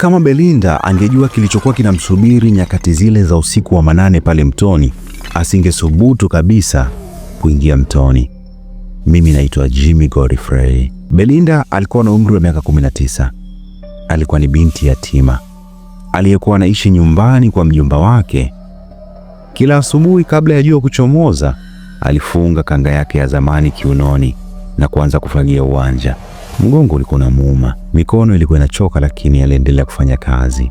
Kama Belinda angejua kilichokuwa kinamsubiri nyakati zile za usiku wa manane pale mtoni, asingesubutu kabisa kuingia mtoni. Mimi naitwa Jimmy Godfrey. Belinda alikuwa na umri wa miaka 19. Alikuwa ni binti yatima aliyekuwa anaishi nyumbani kwa mjomba wake. Kila asubuhi kabla ya jua kuchomoza, alifunga kanga yake ya zamani kiunoni na kuanza kufagia uwanja. Mgongo ulikuwa unamuuma, mikono ilikuwa inachoka, lakini aliendelea kufanya kazi.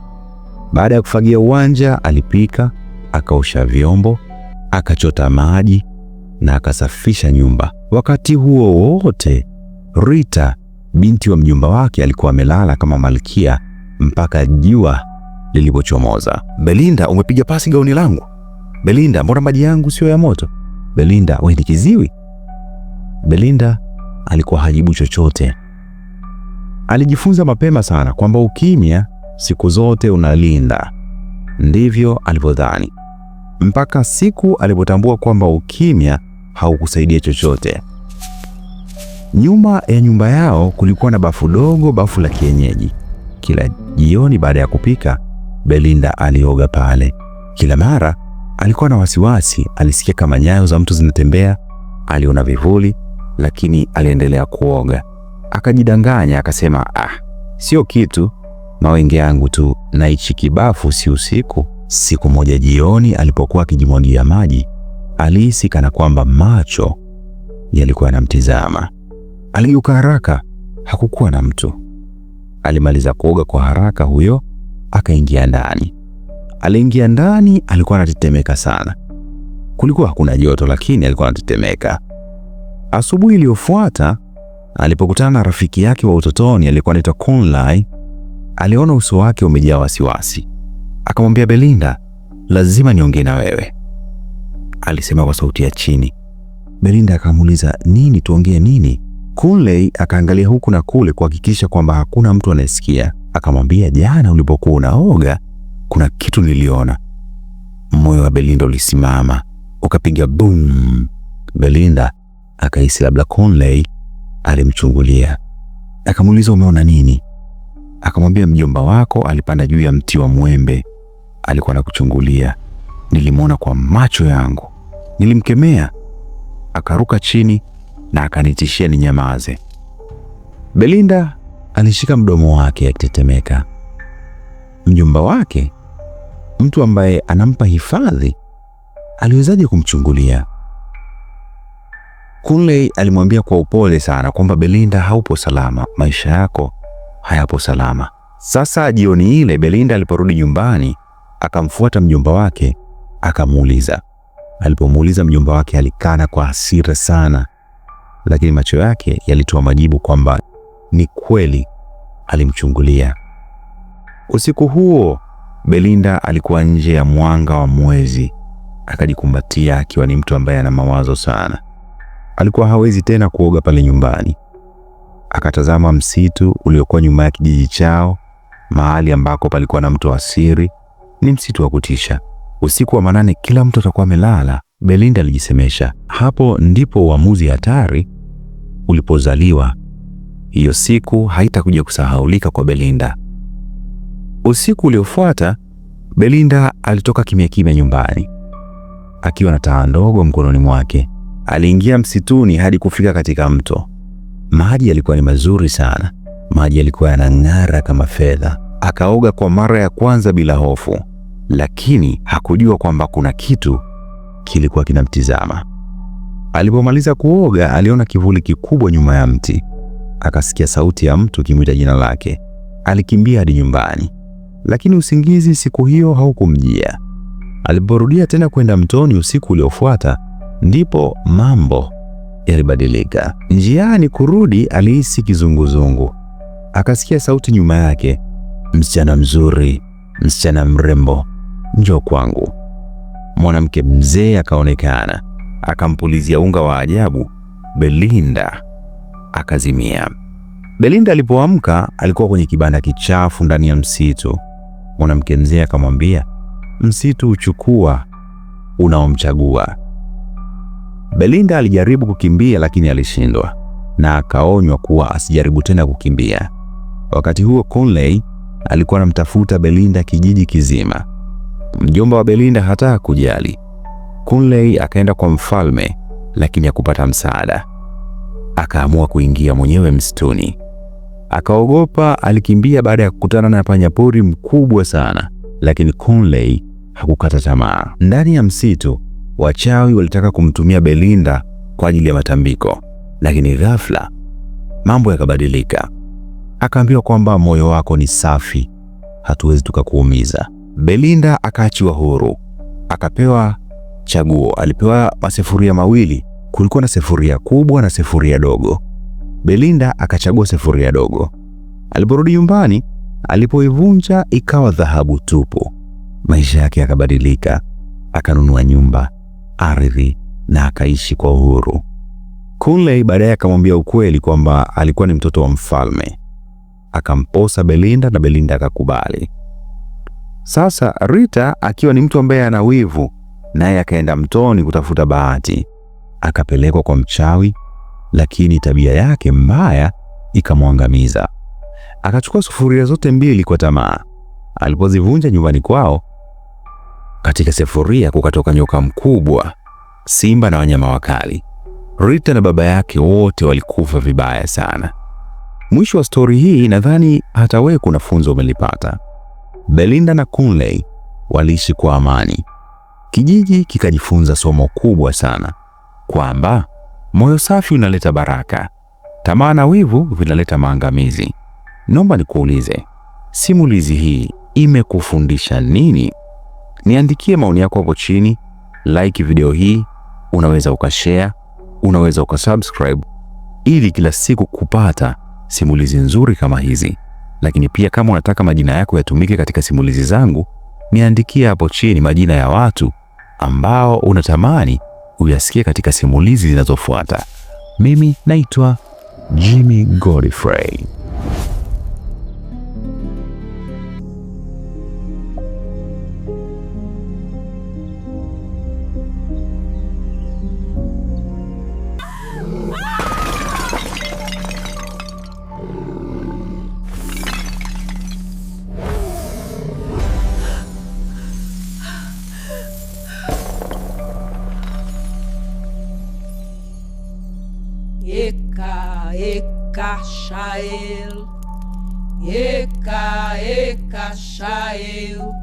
Baada ya kufagia uwanja, alipika, akaosha vyombo, akachota maji na akasafisha nyumba. Wakati huo wote, Rita binti wa mjumba wake alikuwa amelala kama malkia mpaka jua lilipochomoza. Belinda, umepiga pasi gauni langu. Belinda, mbona maji yangu sio ya moto? Belinda, wewe ni kiziwi. Belinda alikuwa hajibu chochote. Alijifunza mapema sana kwamba ukimya siku zote unalinda. Ndivyo alivyodhani mpaka siku alipotambua kwamba ukimya haukusaidia chochote. Nyuma ya nyumba yao kulikuwa na bafu dogo, bafu la kienyeji. Kila jioni baada ya kupika, Belinda alioga pale. Kila mara alikuwa na wasiwasi, alisikia kama nyayo za mtu zinatembea, aliona vivuli, lakini aliendelea kuoga. Akajidanganya akasema, ah, sio kitu, mawenge yangu tu, na hichi kibafu si usiku. Siku moja jioni, alipokuwa akijimwagia maji, alihisi kana kwamba macho yalikuwa yanamtizama. Aligeuka haraka, hakukuwa na mtu. Alimaliza kuoga kwa haraka huyo, akaingia ndani. Aliingia ndani, alikuwa anatetemeka sana. Kulikuwa hakuna joto, lakini alikuwa anatetemeka. Asubuhi iliyofuata Alipokutana na rafiki yake wa utotoni aliyekuwa anaitwa Kunlai, aliona uso wake umejaa wasiwasi. Akamwambia Belinda, lazima niongee na wewe, alisema kwa sauti ya chini. Belinda akamuuliza nini, tuongee nini? Kunlei akaangalia huku na kule kuhakikisha kwamba hakuna mtu anayesikia, akamwambia, jana ulipokuwa unaoga kuna kitu niliona. Moyo wa Belinda ulisimama ukapiga bum. Belinda akahisi labda Conley alimchungulia akamuuliza, umeona nini? Akamwambia, mjomba wako alipanda juu ya mti wa mwembe, alikuwa na kuchungulia nilimwona kwa macho yangu, nilimkemea, akaruka chini na akanitishia ninyamaze. Belinda alishika mdomo wake akitetemeka. Mjomba wake, mtu ambaye anampa hifadhi, aliwezaje kumchungulia? Kunle alimwambia kwa upole sana kwamba Belinda, haupo salama, maisha yako hayapo salama. Sasa jioni ile Belinda aliporudi nyumbani, akamfuata mjomba wake akamuuliza. Alipomuuliza mjomba wake alikana kwa hasira sana, lakini macho yake yalitoa majibu kwamba ni kweli alimchungulia. Usiku huo Belinda alikuwa nje ya mwanga wa mwezi, akajikumbatia akiwa ni mtu ambaye ana mawazo sana. Alikuwa hawezi tena kuoga pale nyumbani. Akatazama msitu uliokuwa nyuma ya kijiji chao, mahali ambako palikuwa na mto wa siri. Ni msitu wa kutisha. Usiku wa manane kila mtu atakuwa amelala, Belinda alijisemesha. Hapo ndipo uamuzi hatari ulipozaliwa. Hiyo siku haitakuja kusahaulika kwa Belinda. Usiku uliofuata Belinda alitoka kimya kimya nyumbani akiwa na taa ndogo mkononi mwake. Aliingia msituni hadi kufika katika mto. Maji yalikuwa ni mazuri sana, maji yalikuwa yanang'ara kama fedha. Akaoga kwa mara ya kwanza bila hofu, lakini hakujua kwamba kuna kitu kilikuwa kinamtizama. Alipomaliza kuoga, aliona kivuli kikubwa nyuma ya mti, akasikia sauti ya mtu kimwita jina lake. Alikimbia hadi nyumbani, lakini usingizi siku hiyo haukumjia. Aliporudia tena kwenda mtoni usiku uliofuata, ndipo mambo yalibadilika. Njiani kurudi, alihisi kizunguzungu, akasikia sauti nyuma yake, msichana mzuri, msichana mrembo, njoo kwangu. Mwanamke mzee akaonekana, akampulizia unga wa ajabu. Belinda akazimia. Belinda alipoamka alikuwa kwenye kibanda kichafu ndani ya msitu. Mwanamke mzee akamwambia, msitu uchukua unaomchagua. Belinda alijaribu kukimbia lakini alishindwa na akaonywa kuwa asijaribu tena kukimbia. Wakati huo Conley alikuwa anamtafuta Belinda kijiji kizima. Mjomba wa Belinda hata hakujali. Conley akaenda kwa mfalme lakini hakupata msaada. Akaamua kuingia mwenyewe msituni. Akaogopa, alikimbia baada ya kukutana na panyapori mkubwa sana, lakini Conley hakukata tamaa. Ndani ya msitu Wachawi walitaka kumtumia Belinda kwa ajili ya matambiko, lakini ghafla mambo yakabadilika. Akaambiwa kwamba moyo wako ni safi, hatuwezi tukakuumiza. Belinda akaachiwa huru, akapewa chaguo. Alipewa masefuria mawili, kulikuwa na sefuria kubwa na sefuria dogo. Belinda akachagua sefuria dogo. Aliporudi nyumbani, alipoivunja ikawa dhahabu tupu. Maisha yake yakabadilika, akanunua nyumba, ardhi na akaishi kwa uhuru. Kunley baadaye akamwambia ukweli kwamba alikuwa ni mtoto wa mfalme, akamposa Belinda na Belinda akakubali. Sasa Rita akiwa ni mtu ambaye ana wivu, naye akaenda mtoni kutafuta bahati, akapelekwa kwa mchawi, lakini tabia yake mbaya ikamwangamiza. Akachukua sufuria zote mbili kwa tamaa. Alipozivunja nyumbani kwao katika sefuria kukatoka nyoka mkubwa, simba na wanyama wakali. Rita na baba yake wote walikufa vibaya sana. Mwisho wa stori hii, nadhani hata wewe kuna funzo umelipata. Belinda na Kunley waliishi kwa amani. Kijiji kikajifunza somo kubwa sana kwamba moyo safi unaleta baraka, tamaa na wivu vinaleta maangamizi. Naomba nikuulize, simulizi hii imekufundisha nini? Niandikie maoni yako hapo chini, like video hii, unaweza ukashare, unaweza ukasubscribe ili kila siku kupata simulizi nzuri kama hizi. Lakini pia kama unataka majina yako yatumike katika simulizi zangu, niandikie hapo chini majina ya watu ambao unatamani uyasikie katika simulizi zinazofuata. Mimi naitwa Jimmy Godfrey. eka eka shael, eka eka shael.